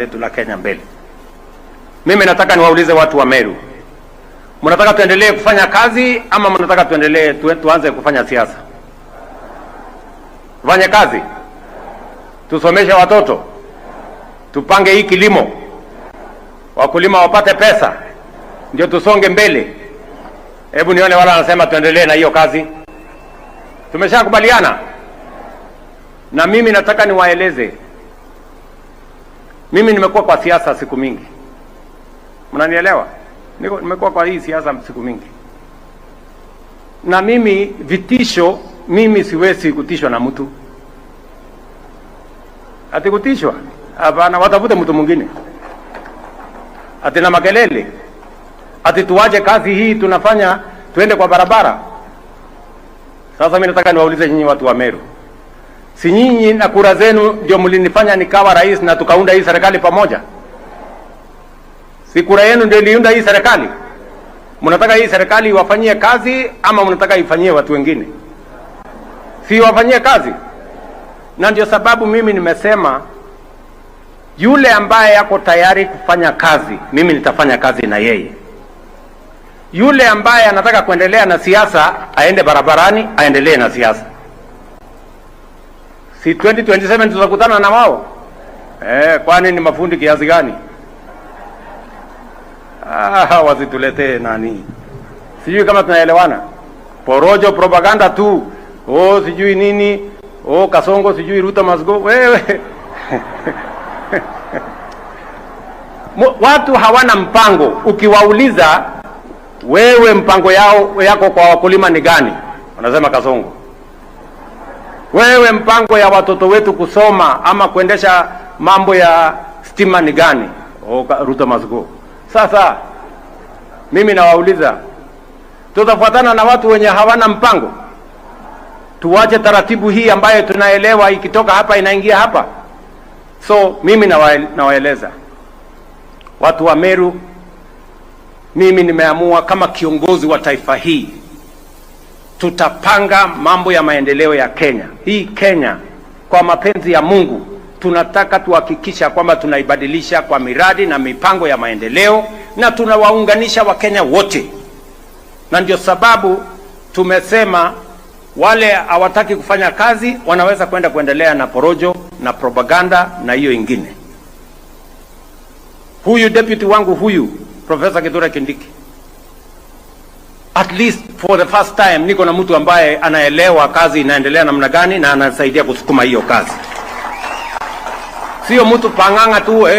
letu la Kenya mbele. Mimi nataka niwaulize watu wa Meru, mnataka tuendelee kufanya kazi ama mnataka tuendelee tu, tuanze kufanya siasa? Tufanye kazi, tusomeshe watoto, tupange hii kilimo, wakulima wapate pesa, ndio tusonge mbele. Hebu nione wala anasema tuendelee na hiyo kazi, tumeshakubaliana. Na mimi nataka niwaeleze mimi nimekuwa kwa siasa siku mingi, mnanielewa, niko nimekuwa kwa hii siasa siku mingi, na mimi vitisho, mimi siwezi kutishwa na mtu ati kutishwa. Hapana, watafute mtu mwingine ati na makelele, ati tuaje kazi hii tunafanya tuende kwa barabara. Sasa mimi nataka niwaulize nyinyi watu wa Meru Si nyinyi na kura zenu ndio mlinifanya nikawa rais na tukaunda hii serikali pamoja? Si kura yenu ndio iliunda hii serikali? Mnataka hii serikali iwafanyie kazi ama mnataka ifanyie watu wengine? Si iwafanyie kazi. Na ndio sababu mimi nimesema yule ambaye yako tayari kufanya kazi, mimi nitafanya kazi na yeye. Yule ambaye anataka kuendelea na siasa, aende barabarani, aendelee na siasa si 2027 tutakutana na wao eh? Kwani ni mafundi kiasi gani? Ah, wasituletee nani, sijui kama tunaelewana. Porojo, propaganda tu, oh sijui nini, oh Kasongo sijui Ruto masgo wewe watu hawana mpango. Ukiwauliza wewe, mpango yao yako kwa wakulima ni gani? Wanasema Kasongo wewe, mpango ya watoto wetu kusoma ama kuendesha mambo ya stima ni gani? Ruto must go. Sasa mimi nawauliza, tutafuatana na watu wenye hawana mpango? Tuwache taratibu hii ambayo tunaelewa ikitoka hapa inaingia hapa. So mimi nawaeleza watu wa Meru, mimi nimeamua kama kiongozi wa taifa hii tutapanga mambo ya maendeleo ya Kenya hii. Kenya kwa mapenzi ya Mungu tunataka tuhakikisha kwamba tunaibadilisha kwa miradi na mipango ya maendeleo, na tunawaunganisha Wakenya wote, na ndio sababu tumesema wale hawataki kufanya kazi wanaweza kwenda kuendelea na porojo na propaganda na hiyo ingine. Huyu deputy wangu huyu Profesa Kithure Kindiki at least for the first time niko na mtu ambaye anaelewa kazi inaendelea namna gani na anasaidia kusukuma hiyo kazi, sio mtu pang'ang'a tu eh.